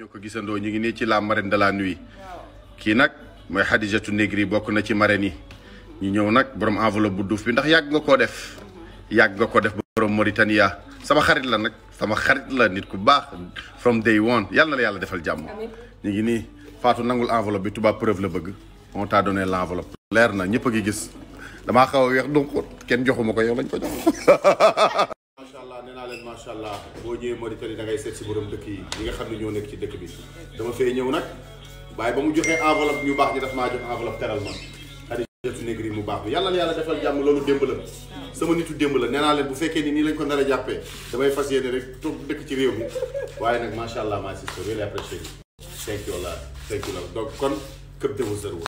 ñoo ko gisandoo ñu ngi nii ci la marraine de la nuit kii nag mooy Xadijatu Negri bokk na ci marraine yi ñu ñëw nag boroom enveloppe bu duuf bi ndax yàgg nga koo def yàgg nga ko def borom Mauritania sama xarit la nag sama xarit la nit ku baax from day one yàlla na la yàlla defal jàmm ñu ngi nii Fatou nangul enveloppe bi tubaab preuve la bëgg on t'a donné l'enveloppe leer na ñëpp a ngi gis damaa xaw a weex donc kenn joxuma ko yow lañ ko jox macha allah boo ñëwee Mauritanie da ngay seet si borom dëkk yi ñi nga xam ne ñoo nekk ci dëkk bi dama fee ñëw nag waaye ba mu joxee enveloppe ñu baax ñi daf maa jox enveloppe teral ma Khadija Negri mu baax bi yàlla na yàlla defal jàmm loolu démb sama nitu démb la nee naa leen bu fekkee ni nii lañ ko nar a jàppee damay fas yéene rek toog dëkk ci réew mi waaye nag macha allah maa si so really appreciate thank you allah thank you donc kon këpp se